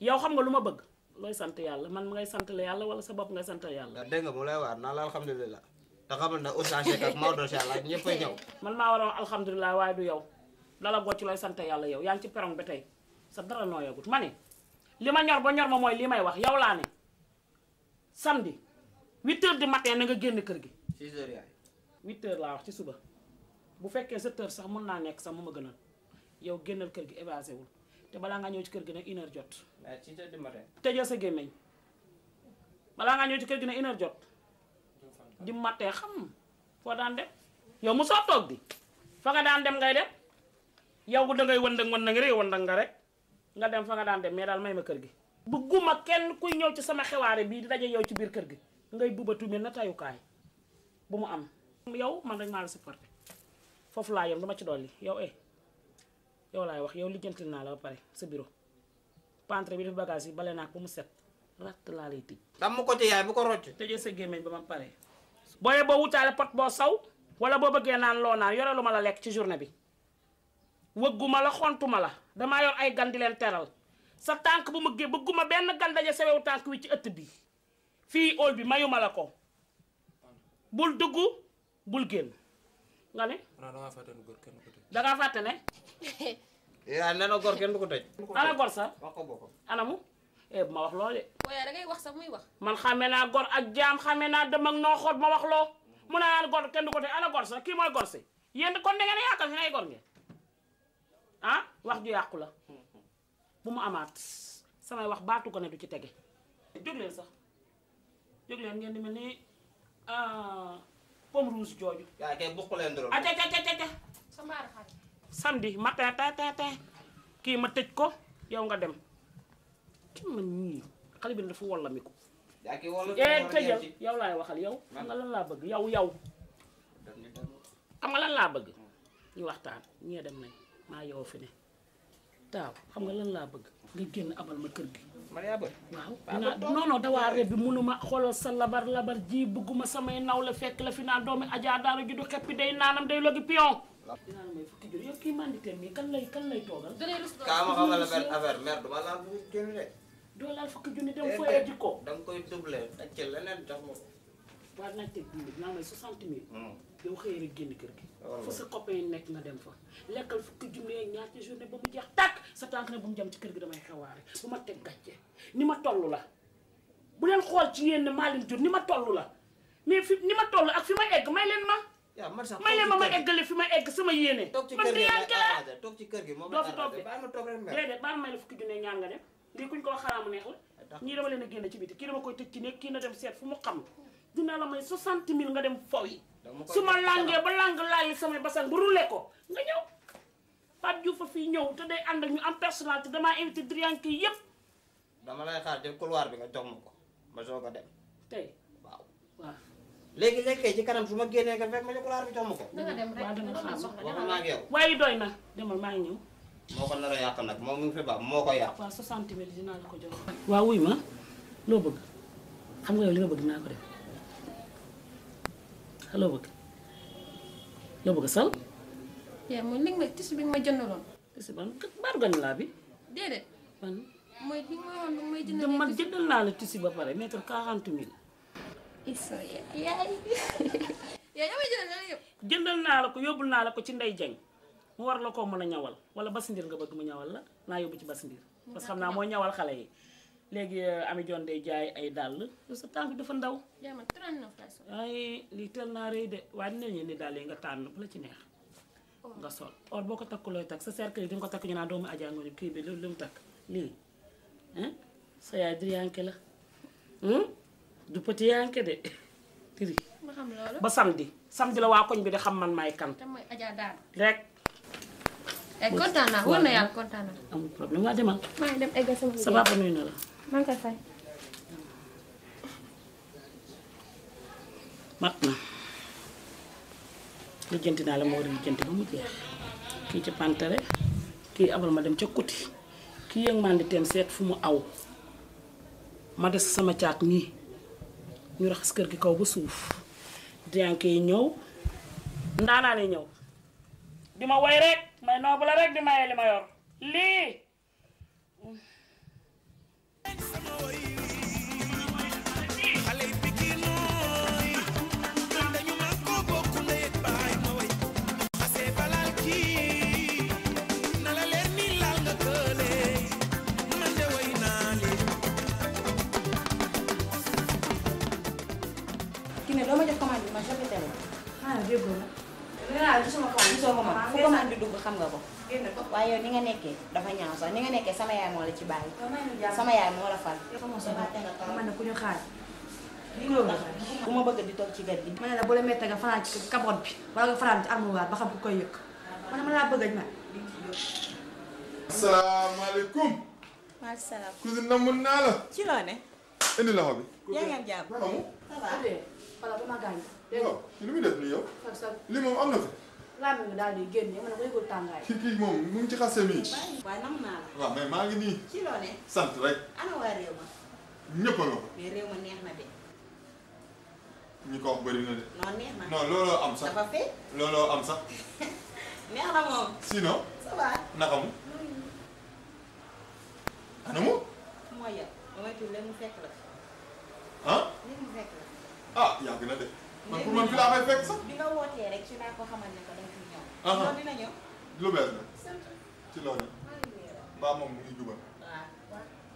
yow xam nga lu ma bëgg looy sant yàlla man ngay sant la yàlla wala sa bopp ngay sant la yàlla. dégg nga mu lay waar la alhamdulilah te xamal na Oustaz Seck ak Maodo Sylla ñëpp a ñëw. man waaye du yow lala goo ci sant yàlla yow yaa ci perong ba tey sa dara nooyagut ma ne li ma ñor ba ñor ma mooy lii may wax yow laa ne. samedi 8h du matin na nga génn kër gi 6h yaay 8h la wax ci suba bu fekkee 7h sax mën na nek sax mu gënal yow génnal kër gi évacé wul té bala nga ñëw ci kër gi na 1h jot 6h du matin tëjal sa gémmeñ bala nga ñëw ci kër gi na 1h jot di maté xam fo daan dem yow mu so tok di fa nga daan dem ngay dem yow gu da ngay wënd ak wënd nga rek wënd nga rek nga dem fa nga daan dem mais dal may ma kër gi bëgguma kenn kuy ñëw ci sama xewaare bii di daje yow ci biir kër gi ngay bubatu mel na tayukaay bu mu am yow man rek maa la supporté foofu laa yem dama ci dolli yow eh yow laay wax yaw lijjantil naa la ba pare sa bureau pantre bi def bagage yi bale naa ko mu set ratt laa lay tëj damm ko ci yaay bu ko rocc tëjee sa gémmiñ ba ma pare booyee boo wutaale pot boo saw wala boo bëggee naan loo naan yorelu ma la lekk ci journée bi wëgguma la xontuma la damaa ay gan di sa tank bu ma gé bëgguma benn gan daña sewew tank wi ci ëtt bi fi óol bi mayuma la ko bul duggu bul génn nga ne da nga faté góor kenn ko tëj dangaa fàtte ne na góor kenn du ko tëj ana sa wax boko bokk mu eh ma wax lolé ko ya da ngay wax sa muy wax man xamé na gor ak jam xamé na dem ak no xoot ma wax lo mu naa góor kenn du ko tej ana gor sa ki moy gor si yeen kon da ngeen a ngay ngeen ah wax ju yakula bu mu amaat samay wax baatu ko ne du ci tege jóg leen sax jóg leen ngeen di mel ni euh, pomme rouge jooju. yaa ngi koy bokk leen dërëm. samedi ma tey tey tey kii ma tëj ko yow nga dem ki ma ñii xale bi dafa wallamiku. yaa ngi koy wallamiku tëjal yow laay waxal yow. xam nga lan laa bëgg yow yow. xam nga lan laa bëgg. ñu waxtaan ñee dem nañ maa yow fi ne. daaw xam nga lan laa bëgg nga génn abal ma kër gi. man yaa bëgg waaw. dinaa non non dawaare bi sa labar labar ji bëgguma samay naw la fekk la fi naan doomi Adja daara ju du xeppi day naanam day logi pion. dinaa la may fukki jur yow kii mandité mi kan lay kan lay toogal. danañ rus ma xamal la benn affaire mère du ma laal fukki junni de. doo laal fukki junni dem eh, fooyee jikko. da nga koy doublé ak ci leneen jox ma ko. war naa teg dund dinaa may 60 000. yow xëyee rek génn kër gi. Ah, fu sa copain nekk na dem fa. lekkal fukki junne ak ñaar ci journée ba mu jeex tàkk sa tànk ne bu mu jëm ci kër gi damay xewaare bu ma teg gàcce ni ma toll la. bu leen xool ci yéen ne maa leen ma toll la mais fi ni ma ma egg may leen ma. yaa man sax ma ma fi ma egg sama yéene. toog ci kër toog ci kër gi moom la arrangé baal ma toog rek mel. déedéet baal ma la fukki junne ñaar nga dem lii kuñ ko wax xaraamu neex ñii dama leen génn ci biti kii dama koy tëj ci nekk kii na dem seet fu mu xam dinaa la may 60 000 nga dem faw yi su ma làngee ba làng laayee samay basan bu rouler ko nga ñew Pape Diouf fa fii ñëw te day and ak ñu am personnalité damaa invité Drian kii yépp dama lay xaar jël couloir bi nga jox ma ko ma soog a dem. tay waaw légui léegi ci kanam su génné nga fekk ma jox couloir bi jox ma ko. dama dem rek dama xaar soxla dama ak yow. wayu doy na demal ma ngi ñew moko la ra a nak mo ngi fi ba moko ko yàq. Ya? waaw 60 mille dinaa la ko jox. waaw wuy ma lo bëgg xam nga yow li nga bëgg naa ko def. loo bëgg loo bëgg sal. yaa mooy li ma tissu bi nga ma jëndaloon. tissu man jëndal naa la tissu ba pare mètre quarante mille. jëndal naa la ko yóbbul naa la ko ci Ndey Jeng mu war la koo mën a ñawal wala basindir nga bëgg mu ñawal la naa yóbbu ci basindir parce que xam naa moo ñawal xale yi. légui euh, ami jon day jaay ay dàll sa tànk dafa ndaw jama 39 ay li tel na reuy de waaye dina ñi ni dal yi nga tan bu la ci neex nga sol or boko tak takku tak sa cercle yi di nga ko takk ñu na doomu ajaa nga kii bi lu lu tak li hein sa ya yaay diriyanke la du petit yanke de ma xam lolu ba samedi samedi la wa koñ bi de xam man may kan rek eh, kontaan naa war na yàlla kontaan naa amul problème waa demal maa Ma, dem ega sama Sebab apa nuyu na maa koy fay. mat na lijjanti naa la ma war a lijjanti ba mu jeex kii ci pantere kii abal ma dem ca kuti kii yëg màndi seet fu mu aw ma des sama caat nii ñu raxas kër gi kaw ba suuf diyaanke yi ñëw ndaanaane ñëw di ma woy rek may noobu la rek di maye li ma yor lii man sa fi la ah, waaw ah, ah, xam nga ko waaye ni nga nekkee dafa ñaaw sax ni nga nekkee sama yaay moo la ci bàyyi sama yaay moo la fal man na ku ñu xaar bu ma bëgg di toog ci wet gi ma ne la bu la méttee nga fanaan ci kaboot bi wala nga fanaan ci armoire ba xam ku koy yëg man ma laa bëgg a ma asalaamaaleykum maaleykum salaam cousine na mun naa la dégg nga waaw li muy def nii yow. li moom am na fi. laaj nga daal di génn yow man ma yëgul tàngaay. kii kii moom mu ngi ci xase mi. waaye nam naa la. waaw mais maa ngi nii. ci loo ne. sant rek. ana waa réew ma. ñëpp a nga ko. mais réew ma neex na de. ñi ko wax bëri na de. non neex na non looloo am sax. dafa fee. looloo am sax. neex na moom. sinon. ça va naka mu. ana mu. mooy yow. ba ma tudd léegi mu fekk la. ah. léegi mu fekk la. ah yàgg na de. man pour man fi laa fay fekk sax. bi nga wootee rek ci laa ko xamal ne ko da nga fi ñëw. loolu dina ñëw. lu bees la. ci loolu. mbaa moom mu ngi jubal.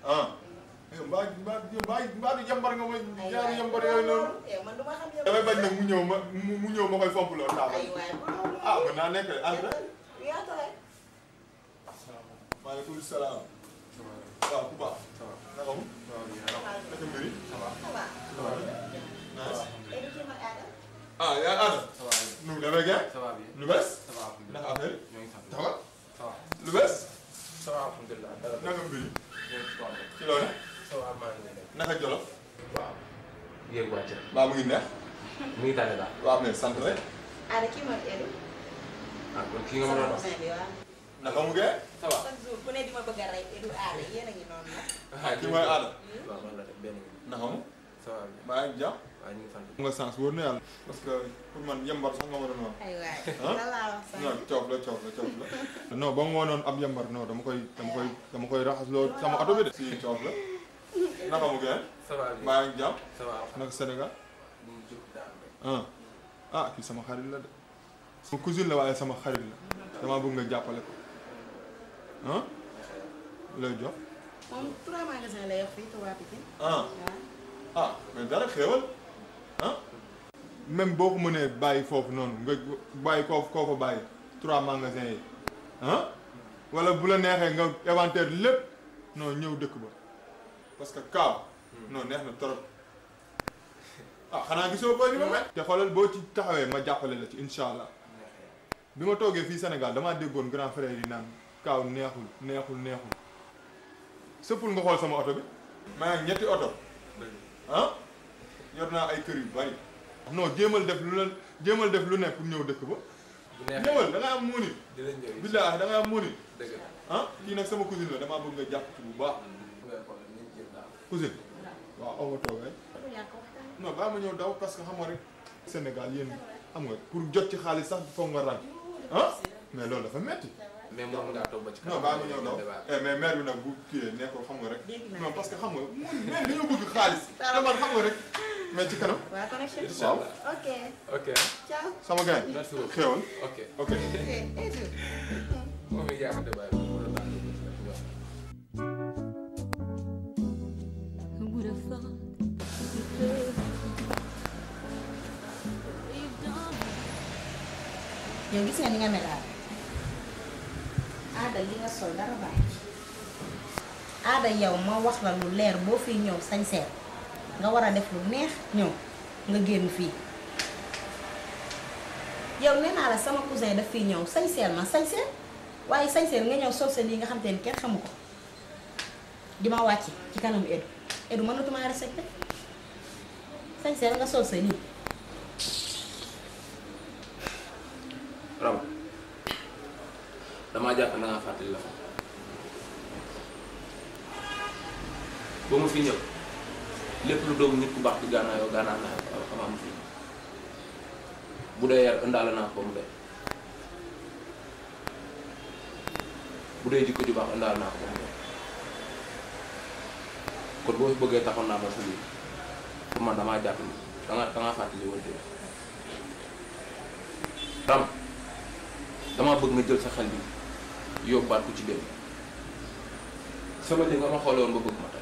ah. mbaa mbaa mbaa mbaa du jàmbar nga ma ñaari jàmbar yooyu noonu. man du ma xam yow. damay bañ nag mu ñëw ma mu ñëw ma koy fomp loolu taabal. ah mën naa nekk rek entre. maaleykum salaam. waaw ku baax. ça va naka mu. ça va. ah yaa Adam. nu mu demee gars. lu bees. naka affaire yi. taxawal. lu bees. naka mbir yi. ci loolu. naka Jolof. waaw. yéeg wàcc. mbaa mu ngi neex. mu ngi tànn daal. waaw mais sant rek. Ada kii moo teelu. ah kon kii nga ma doon wax. naka mu gee. ça va ku ne di ma bëgg a rey Edu Ada yéen a ngi noonu la. ah kii mooy Ada. waaw man la def benn naka mu. ça va maa ngi jàmm. waaw ñu nga sens parce que man yambar sax nga la coof ba mu ab yambar non dama koy dama koy dama koy raxasloo sama oto bi si coof maa ngi jàmm. ça va ah kii sama xarit la de. sama cousine la waaye sama xarit la damaa bëgg nga jàppale ko ah lay moom trois magasins lay wax fii tubaab bi. ah ah mais dara xéewal. ah boo ko mënee bàyyi foofu noonu nga bàyyi koo koo bàyyi trois magasin yi ah wala bu la neexee nga inventaire lépp noo ñëw dëkk ba parce que kaaw noo neex na trop ah xanaa gisoo ko ni te xoolal boo ci taxawee ma jàppale la ci incha allah bi ma toogee fii Sénégal damaa déggoon grand frère yi naan kaaw neexul neexul neexul sëppul nga xool sama oto bi maa ngi ñetti oto ñor naa ay kër yu bari non jéemal def lu la jéemal def lu ne pour ñëw dëkk ba. ñëwal da nga am muunit. di leen ñëw billaahi da nga am muunit. Ah, kii nag sama cousine la damaa bëgg nga jàpp ci bu baax. cousine. waaw aw ma toogee. non baa ma ñëw daw parce que xam nga rek. Sénégal yéen xam nga pour jot ci xaalis sax foog nga rang ah, mais loolu dafa metti mais moom ngaa toog ba ci kanam non baa ma ñëw daw eh, mais maire bi nag bu kii nee xam nga rek. non parce que xam nga moom maire dañoo bëgg xaalis. dama xam nga rek. mais ci oh, yow gis nga ni nga mel aada li nga sol dara baax aada yow ma wax la lu leer boo fi ñëw sañ nga war a def lu neex ñëw nga génn fii yow nee naa la sama cousin daf fii ñëw sañseel ma sañseel waaye sañseel nga ñëw sol sa lii nga xam te ne kenn xamu ko di ma wàcc ci kanam mën Edu mënatuma respecté sañseel nga sol sa lii raw damaa jàpp na nga fàttali la ba mu fi ñëw lépp lu doomu nit ku baax di gànnaayoo gànnaa naa ko xamaam fi bu naa ko ba mu doy bu dee jikko ju baax ëndaale naa ko ba mu doy kon boo fi bëggee taxoon naa ma sa lii man damaa jàpp ni danga danga fàttali wante tam damaa bëgg nga jël sa xel bi yóbbaat ku ci dem sama li nga ma xoolee woon ba bëgg ma tey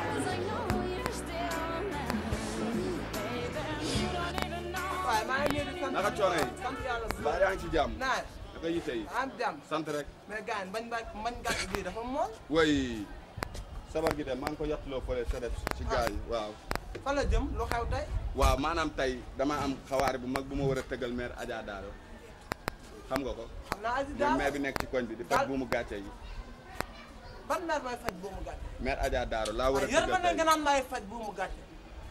a coono yi mbaa yaa ngi ci jàmm naka yitte yi sant rek mais gars bañ bañ gàtt bii dafa mool way sabar gi de maa ngi ko yàttaloo fële sa def ci gars yi ah. waaw fa la jëm lu xew tey waaw maanaam tey dama am xawaare bu mag bu ma war a tëggal maire Adja xam nga ko mooy maire bi nekk ci koñ bi di faj bu mu gàcce yi ban maire may faj bu gàcce maire Adja laa war a ah, tëggal tey yër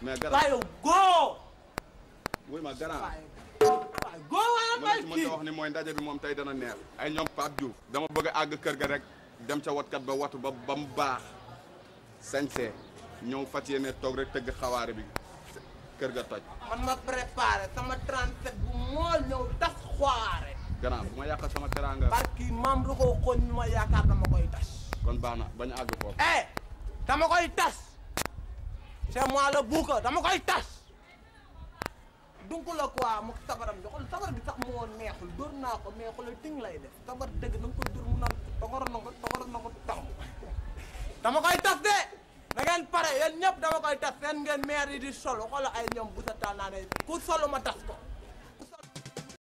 ma ne oui ma grand goowal may kii wax ni mau jalan. bi moom tey dana neex ay ñoom Pape Diouf dama bëgg a àgg kër ga rek dem ca watkat ba watu ba ba mu baax sañsee ñëw fas yéene toog rek tëgg xawaare bi kër ga toj man ma préparé sama 37 bu moo ñëw tas xawaare grand bu ma yàqal sama teranga barki maam lu ko xooñ ñu ma yaakaar dama koy tas kon baax na bañ a àgg foofu eh dama koy tas c'est moi le bouc dama koy tas dungu la quoi mu sabaram bi xool sabar bi sax moo neexul dóor naa ko mais xoolal ting lay de sabar dëgg na nga koy dóor mu naan togara na ko togara na ko tax dama koy tas de da ngeen pare yéen ñëpp dama koy tas seen ngeen maire yi di solo xoolal ay ñoom bu sa taal naa ne ku solo ma tas ko